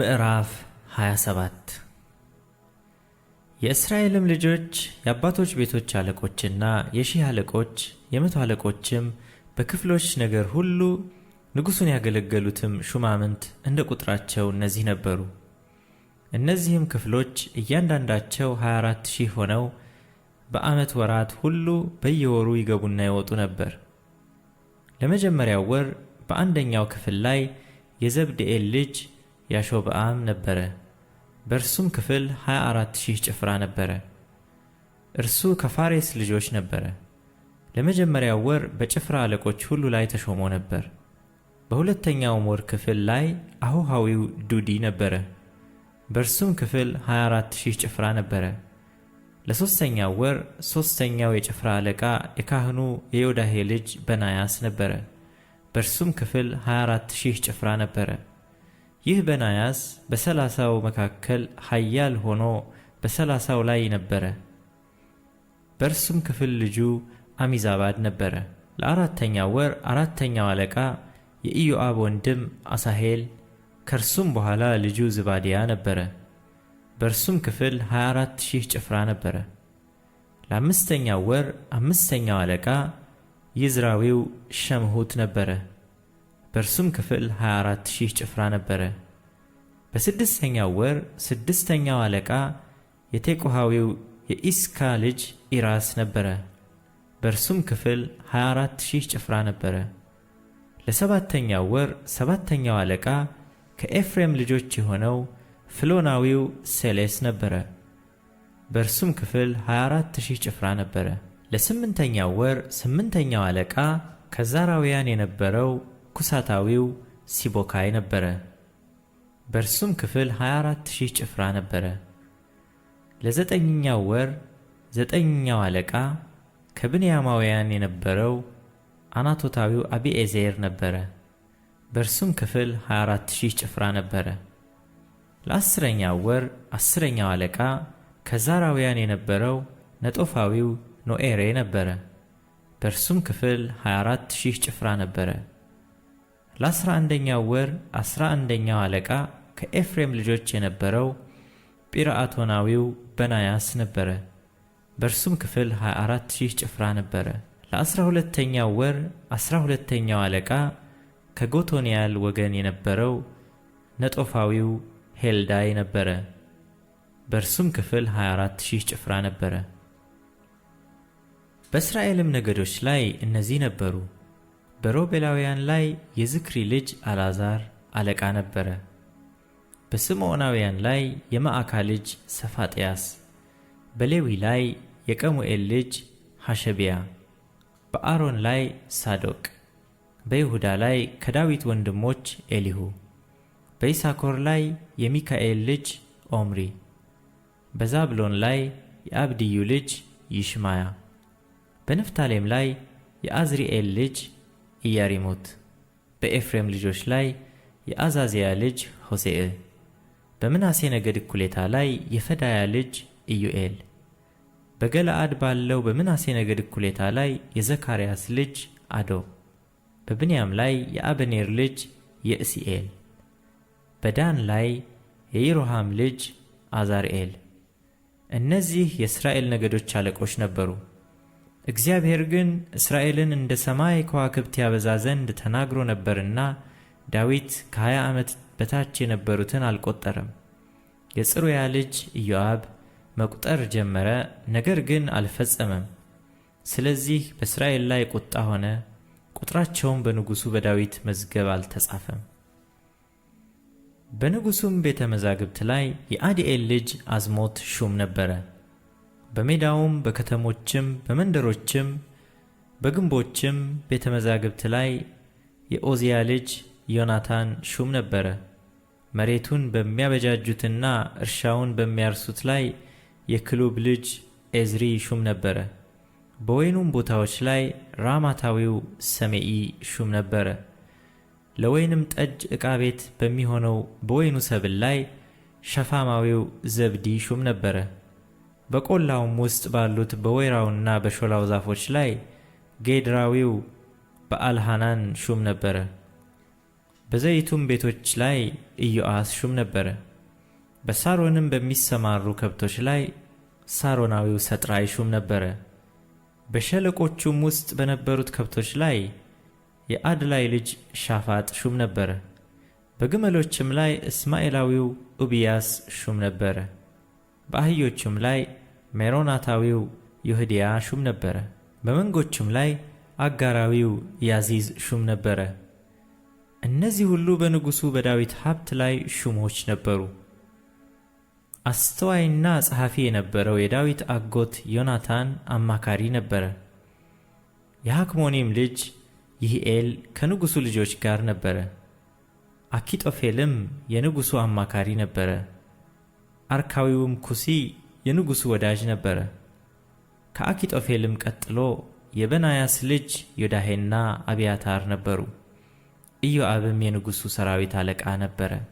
ምዕራፍ 27 የእስራኤልም ልጆች የአባቶች ቤቶች አለቆችና የሺህ አለቆች የመቶ አለቆችም በክፍሎች ነገር ሁሉ ንጉሡን ያገለገሉትም ሹማምንት እንደ ቁጥራቸው እነዚህ ነበሩ። እነዚህም ክፍሎች እያንዳንዳቸው 24 ሺህ ሆነው በዓመት ወራት ሁሉ በየወሩ ይገቡና ይወጡ ነበር። ለመጀመሪያው ወር በአንደኛው ክፍል ላይ የዘብድኤል ልጅ ያሾብአም ነበረ። በእርሱም ክፍል ሺህ ጭፍራ ነበረ። እርሱ ከፋሬስ ልጆች ነበረ። ለመጀመሪያው ወር በጭፍራ አለቆች ሁሉ ላይ ተሾሞ ነበር። በሁለተኛውም ወር ክፍል ላይ አሁሃዊው ዱዲ ነበረ። በእርሱም ክፍል ሺህ ጭፍራ ነበረ። ለሦስተኛው ወር ሦስተኛው የጭፍራ አለቃ የካህኑ የዮዳሄ ልጅ በናያስ ነበረ። በእርሱም ክፍል ሺህ ጭፍራ ነበረ። ይህ በናያስ በሰላሳው መካከል ኃያል ሆኖ በሰላሳው ላይ ነበረ። በእርሱም ክፍል ልጁ አሚዛባድ ነበረ። ለአራተኛው ወር አራተኛው አለቃ የኢዮአብ ወንድም አሳሄል፣ ከእርሱም በኋላ ልጁ ዝባዲያ ነበረ። በእርሱም ክፍል 24 ሺህ ጭፍራ ነበረ። ለአምስተኛው ወር አምስተኛው አለቃ ይዝራዊው ሸምሁት ነበረ። በእርሱም ክፍል 24 ሺህ ጭፍራ ነበረ። በስድስተኛው ወር ስድስተኛው አለቃ የቴቁሃዊው የኢስካ ልጅ ኢራስ ነበረ። በእርሱም ክፍል 24 ሺህ ጭፍራ ነበረ። ለሰባተኛው ወር ሰባተኛው አለቃ ከኤፍሬም ልጆች የሆነው ፍሎናዊው ሴሌስ ነበረ። በእርሱም ክፍል 24 ሺህ ጭፍራ ነበረ። ለስምንተኛው ወር ስምንተኛው አለቃ ከዛራውያን የነበረው ኩሳታዊው ሲቦካይ ነበረ። በእርሱም ክፍል 24000 ጭፍራ ነበረ። ለዘጠኝኛው ወር ዘጠኝኛው አለቃ ከብንያማውያን የነበረው አናቶታዊው አቢኤዜር ነበረ። በእርሱም ክፍል 24000 ጭፍራ ነበረ። ለአስረኛው ወር አስረኛው አለቃ ከዛራውያን የነበረው ነጦፋዊው ኖኤሬ ነበረ። በእርሱም ክፍል 24000 ጭፍራ ነበረ። ለአስራ አንደኛው ወር አስራ አንደኛው አለቃ ከኤፍሬም ልጆች የነበረው ጲርአቶናዊው በናያስ ነበረ። በእርሱም ክፍል 24 ሺህ ጭፍራ ነበረ። ለአስራ ሁለተኛው ወር አስራ ሁለተኛው አለቃ ከጎቶንያል ወገን የነበረው ነጦፋዊው ሄልዳይ ነበረ። በእርሱም ክፍል 24 ሺህ ጭፍራ ነበረ። በእስራኤልም ነገዶች ላይ እነዚህ ነበሩ። በሮቤላውያን ላይ የዝክሪ ልጅ አልዓዛር አለቃ ነበረ። በስምዖናውያን ላይ የማዕካ ልጅ ሰፋጥያስ፣ በሌዊ ላይ የቀሙኤል ልጅ ሐሸቢያ፣ በአሮን ላይ ሳዶቅ፣ በይሁዳ ላይ ከዳዊት ወንድሞች ኤሊሁ፣ በይሳኮር ላይ የሚካኤል ልጅ ኦምሪ፣ በዛብሎን ላይ የአብድዩ ልጅ ይሽማያ፣ በንፍታሌም ላይ የአዝሪኤል ልጅ ኢያሪሙት፣ በኤፍሬም ልጆች ላይ የአዛዚያ ልጅ ሆሴዕ፣ በምናሴ ነገድ እኩሌታ ላይ የፈዳያ ልጅ ኢዩኤል፣ በገለአድ ባለው በምናሴ ነገድ እኩሌታ ላይ የዘካርያስ ልጅ አዶ፣ በብንያም ላይ የአበኔር ልጅ የእስኤል፣ በዳን ላይ የይሮሃም ልጅ አዛርኤል። እነዚህ የእስራኤል ነገዶች አለቆች ነበሩ። እግዚአብሔር ግን እስራኤልን እንደ ሰማይ ከዋክብት ያበዛ ዘንድ ተናግሮ ነበርና ዳዊት ከ20 ዓመት በታች የነበሩትን አልቆጠረም። የጽሩያ ልጅ ኢዮአብ መቁጠር ጀመረ፣ ነገር ግን አልፈጸመም። ስለዚህ በእስራኤል ላይ ቁጣ ሆነ፣ ቁጥራቸውም በንጉሡ በዳዊት መዝገብ አልተጻፈም። በንጉሡም ቤተ መዛግብት ላይ የአዲኤል ልጅ አዝሞት ሹም ነበረ። በሜዳውም በከተሞችም በመንደሮችም በግንቦችም ቤተ መዛግብት ላይ የኦዚያ ልጅ ዮናታን ሹም ነበረ። መሬቱን በሚያበጃጁትና እርሻውን በሚያርሱት ላይ የክሉብ ልጅ ኤዝሪ ሹም ነበረ። በወይኑም ቦታዎች ላይ ራማታዊው ሰሜኢ ሹም ነበረ። ለወይንም ጠጅ ዕቃ ቤት በሚሆነው በወይኑ ሰብል ላይ ሸፋማዊው ዘብዲ ሹም ነበረ። በቆላውም ውስጥ ባሉት በወይራውና በሾላው ዛፎች ላይ ጌድራዊው በአልሃናን ሹም ነበረ። በዘይቱም ቤቶች ላይ ኢዮአስ ሹም ነበረ። በሳሮንም በሚሰማሩ ከብቶች ላይ ሳሮናዊው ሰጥራይ ሹም ነበረ። በሸለቆቹም ውስጥ በነበሩት ከብቶች ላይ የአድላይ ልጅ ሻፋጥ ሹም ነበረ። በግመሎችም ላይ እስማኤላዊው ኡብያስ ሹም ነበረ። በአህዮቹም ላይ ሜሮናታዊው ይሁዲያ ሹም ነበረ። በመንጎቹም ላይ አጋራዊው ያዚዝ ሹም ነበረ። እነዚህ ሁሉ በንጉሡ በዳዊት ሀብት ላይ ሹሞች ነበሩ። አስተዋይና ጸሐፊ የነበረው የዳዊት አጎት ዮናታን አማካሪ ነበረ። የሐክሞኒም ልጅ ይህኤል ከንጉሡ ልጆች ጋር ነበረ። አኪጦፌልም የንጉሡ አማካሪ ነበረ። አርካዊውም ኩሲ የንጉሡ ወዳጅ ነበረ። ከአኪጦፌልም ቀጥሎ የበናያስ ልጅ ዮዳሄና አብያታር ነበሩ። ኢዮአብም የንጉሡ ሰራዊት አለቃ ነበረ።